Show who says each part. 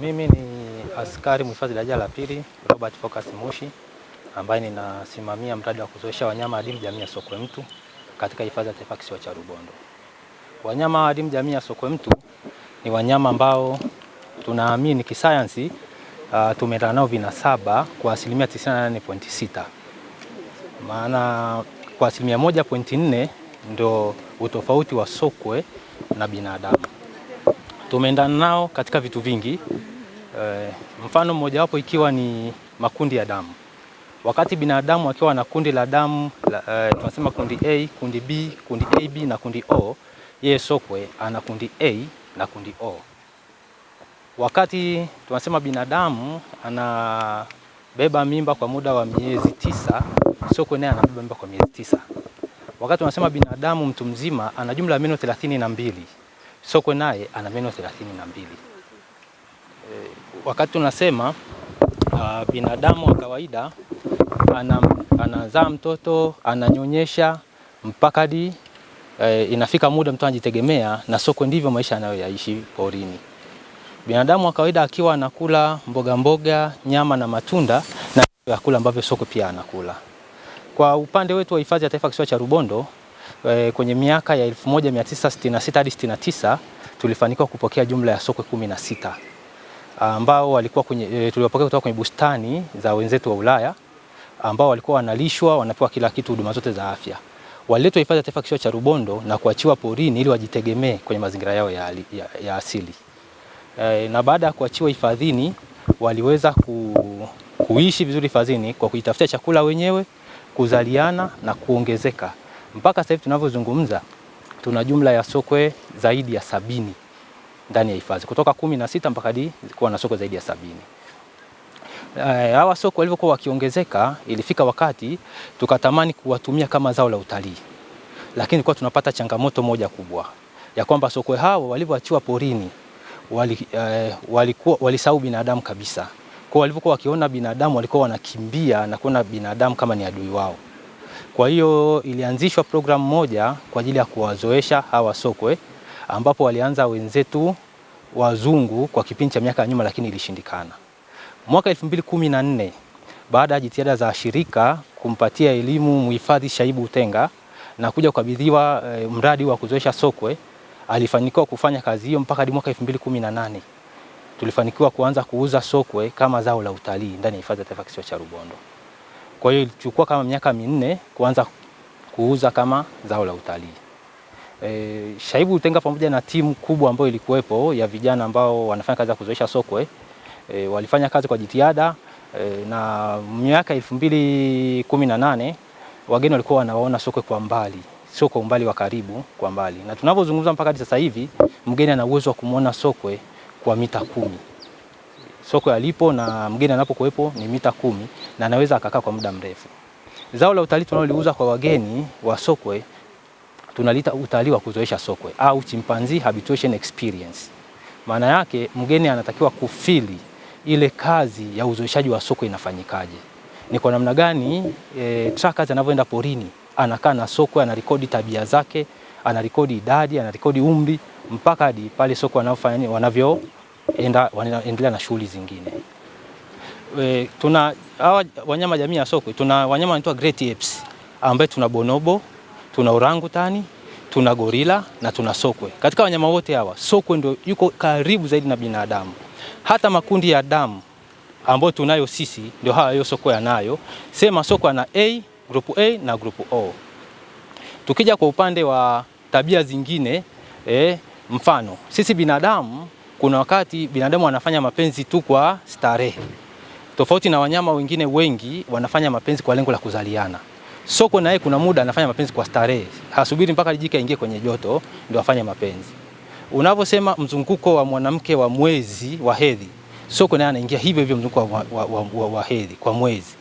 Speaker 1: Mimi ni askari mhifadhi daraja la pili Robert Focus Mushi ambaye ninasimamia mradi wa kuzoesha wanyama adimu jamii ya sokwe mtu katika hifadhi ya taifa kisiwa cha Rubondo. Wanyama adimu jamii ya sokwe mtu ni wanyama ambao tunaamini kisayansi uh, tumeendana nao vinasaba kwa asilimia 98.6, maana kwa asilimia 1.4 ndio utofauti wa sokwe na binadamu. Tumeendana nao katika vitu vingi Eh, mfano mmojawapo ikiwa ni makundi ya damu. Wakati binadamu akiwa na kundi la damu e, tunasema kundi A, kundi B, kundi AB na kundi O, yeye sokwe ana kundi A na kundi O. Wakati tunasema binadamu anabeba mimba kwa muda wa miezi tisa, sokwe naye anabeba mimba kwa miezi tisa. Wakati tunasema binadamu mtu mzima ana jumla ya meno thelathini na mbili, sokwe naye ana meno thelathini na mbili wakati tunasema uh, binadamu wa kawaida anazaa mtoto ananyonyesha mpaka di eh, inafika muda mtu anajitegemea, na soko ndivyo maisha anayoyaishi porini. Binadamu wa kawaida akiwa anakula mboga mboga, nyama na matunda na vyakula ambavyo soko pia anakula. Kwa upande wetu wa hifadhi ya taifa kisiwa cha Rubondo eh, kwenye miaka ya 1966 hadi 69 tulifanikiwa kupokea jumla ya sokwe 16 ambao walikuwa kwenye, e, tuliwapokea kutoka kwenye bustani za wenzetu wa Ulaya ambao walikuwa wanalishwa, wanapewa kila kitu, huduma zote za afya. Waliletwa hifadhi ya taifa kisiwa cha Rubondo na kuachiwa porini ili wajitegemee kwenye mazingira yao ya, ya, ya asili e, na baada ya kuachiwa hifadhini waliweza ku, kuishi vizuri hifadhini kwa kujitafutia chakula wenyewe, kuzaliana na kuongezeka. Mpaka sasa hivi tunavyozungumza tuna jumla ya sokwe zaidi ya sabini ndani ya hifadhi kutoka kumi na sita mpaka hadi kuwa na soko zaidi ya sabini. Eh, hawa soko walivyokuwa wakiongezeka, ilifika wakati tukatamani kuwatumia kama zao la utalii, lakini kwa tunapata changamoto moja kubwa ya kwamba sokwe hao walivyoachiwa porini eh, walikuwa uh, walisahau binadamu kabisa. Kwa walivyokuwa wakiona binadamu walikuwa wanakimbia na kuona binadamu kama ni adui wao. Kwa hiyo ilianzishwa programu moja kwa ajili ya kuwazoesha hawa sokwe ambapo walianza wenzetu wazungu kwa kipindi cha miaka ya nyuma, lakini ilishindikana. Mwaka 2014 baada ya jitihada za shirika kumpatia elimu mhifadhi Shaibu Utenga na kuja kukabidhiwa e, mradi wa kuzoesha sokwe, alifanikiwa kufanya kazi hiyo mpaka hadi mwaka 2018 tulifanikiwa kuanza kuuza sokwe kama zao la utalii ndani ya hifadhi ya taifa kisiwa cha Rubondo. Kwa hiyo ilichukua kama miaka minne kuanza kuuza kama zao la utalii. E, Shaibu Utenga pamoja na timu kubwa ambayo ilikuwepo ya vijana ambao wanafanya kazi ya kuzoesha sokwe e, walifanya kazi kwa jitihada e, na miaka 2018 wageni walikuwa wanawaona sokwe kwa mbali, sio kwa umbali wa karibu, kwa mbali. Na tunavyozungumza mpaka sasa hivi mgeni ana uwezo wa kumwona sokwe kwa mita kumi. Sokwe alipo na mgeni anapokuwepo ni mita kumi na anaweza akakaa kwa muda mrefu. Zao la utalii tunaloliuza kwa wageni wa sokwe tunalita utalii wa kuzoesha sokwe au chimpanzee habituation experience. Maana yake mgeni anatakiwa kufili ile kazi ya uzoeshaji wa sokwe inafanyikaje, ni kwa namna gani e, trackers anavyoenda porini anakaa na sokwe, anarekodi tabia zake, anarekodi idadi, anarekodi umri mpaka hadi pale sokwe wanavyofanya wanavyoenda wanaendelea na shughuli zingine. E, tuna hawa wanyama jamii ya sokwe, tuna wanyama wanaitwa great apes ambaye tuna bonobo tuna orangutani, tuna gorila na tuna sokwe. Katika wanyama wote hawa sokwe ndio yuko karibu zaidi na binadamu. Hata makundi ya damu ambayo tunayo sisi ndio hawa hiyo sokwe anayo, sema sokwe ana A, group A na group O. Tukija kwa upande wa tabia zingine eh, mfano sisi binadamu kuna wakati binadamu anafanya mapenzi tu kwa starehe, tofauti na wanyama wengine wengi wanafanya mapenzi kwa lengo la kuzaliana. Sokwe naye kuna muda anafanya mapenzi kwa starehe, hasubiri mpaka jike aingie kwenye joto ndio afanye mapenzi. Unavyosema mzunguko wa mwanamke wa mwezi wa hedhi, sokwe naye anaingia hivyo hivyo mzunguko wa, wa, wa, wa, wa hedhi kwa mwezi.